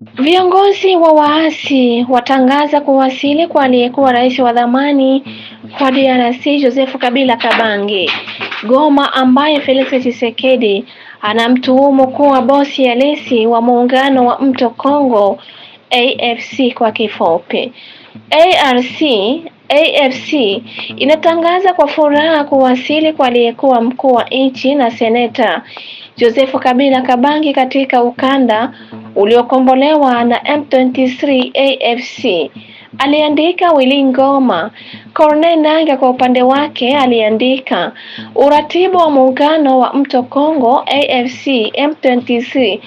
Viongozi wa waasi watangaza kuwasili kwa aliyekuwa rais wa zamani kwa DRC Joseph Kabila Kabange Goma, ambaye Felix Tshisekedi anamtuhumu kuwa bosi halisi wa muungano wa Mto Kongo AFC kwa kifupi. ARC AFC inatangaza kwa furaha kuwasili kwa aliyekuwa mkuu wa nchi na seneta Joseph Kabila Kabange katika ukanda uliokombolewa na M23 AFC, aliandika Willy Ngoma. Corneille Nanga kwa upande wake aliandika uratibu wa muungano wa Mto Kongo AFC M23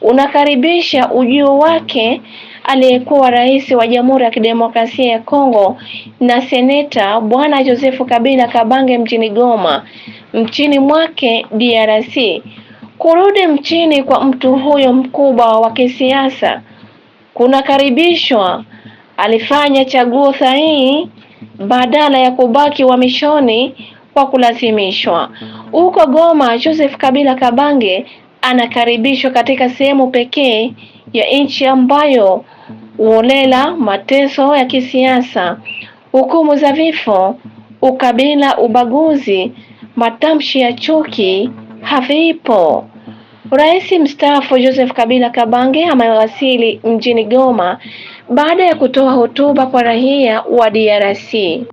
unakaribisha ujio wake aliyekuwa rais wa Jamhuri ya Kidemokrasia ya Kongo na seneta Bwana Joseph Kabila Kabange mjini Goma, mchini mwake DRC. Kurudi mchini kwa mtu huyo mkubwa wa kisiasa kunakaribishwa. Alifanya chaguo sahihi badala ya kubaki uhamishoni kwa kulazimishwa. Huko Goma, Joseph Kabila Kabange anakaribishwa katika sehemu pekee ya nchi ambayo uolela, mateso ya kisiasa, hukumu za vifo, ukabila, ubaguzi, matamshi ya chuki havipo. Rais mstaafu Joseph Kabila Kabange amewasili mjini Goma baada ya kutoa hotuba kwa raia wa DRC.